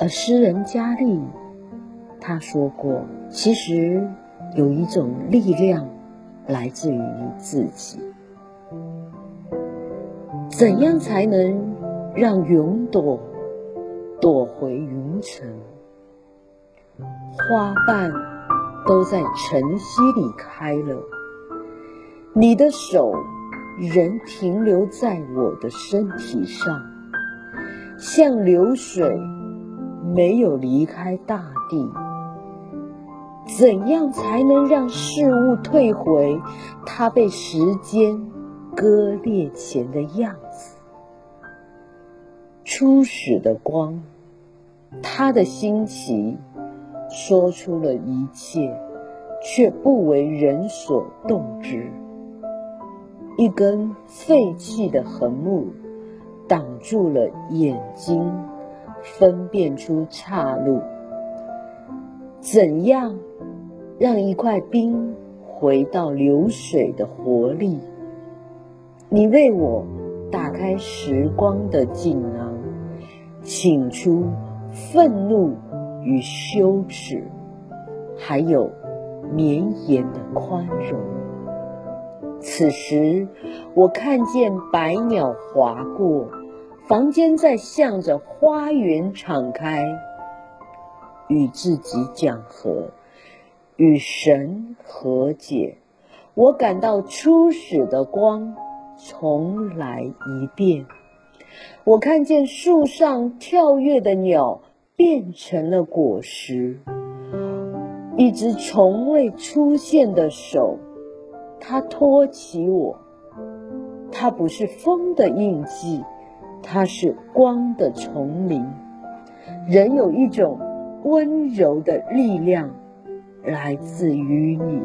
而詩人嘉勵他說過：“其實有一種力量來自於你自己。怎樣才能讓雲朵躲，躲回雲層？花瓣都在晨曦裡開了。你的手仍停留在我的身體上，像流水。”沒有離開大地。怎樣才能讓事物退回它被時間割裂前的樣子？初始的光，它的新奇，說出了一切，卻不為人所洞知。一根廢棄的橫木擋住了眼睛。分辨出岔路，怎樣讓一塊冰回到流水的活力？你為我打開時光的錦囊，傾出憤怒與羞恥，還有綿延的寬容。此時，我看見白鳥劃過。房間在向着花園敞開，與自己講和，與神和解。我感到初始的光，重來一遍。我看見樹上跳躍的鳥變成了果實。一只從未出現的手，它托起我，它不是風的印記。它是光的叢林，人有一種溫柔的力量，來自於你。